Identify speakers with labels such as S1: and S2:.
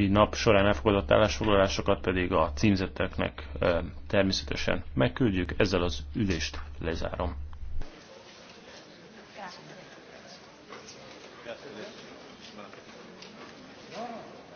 S1: nap során elfogadott állásfoglalásokat pedig a címzetteknek természetesen megküldjük. Ezzel az ülést lezárom.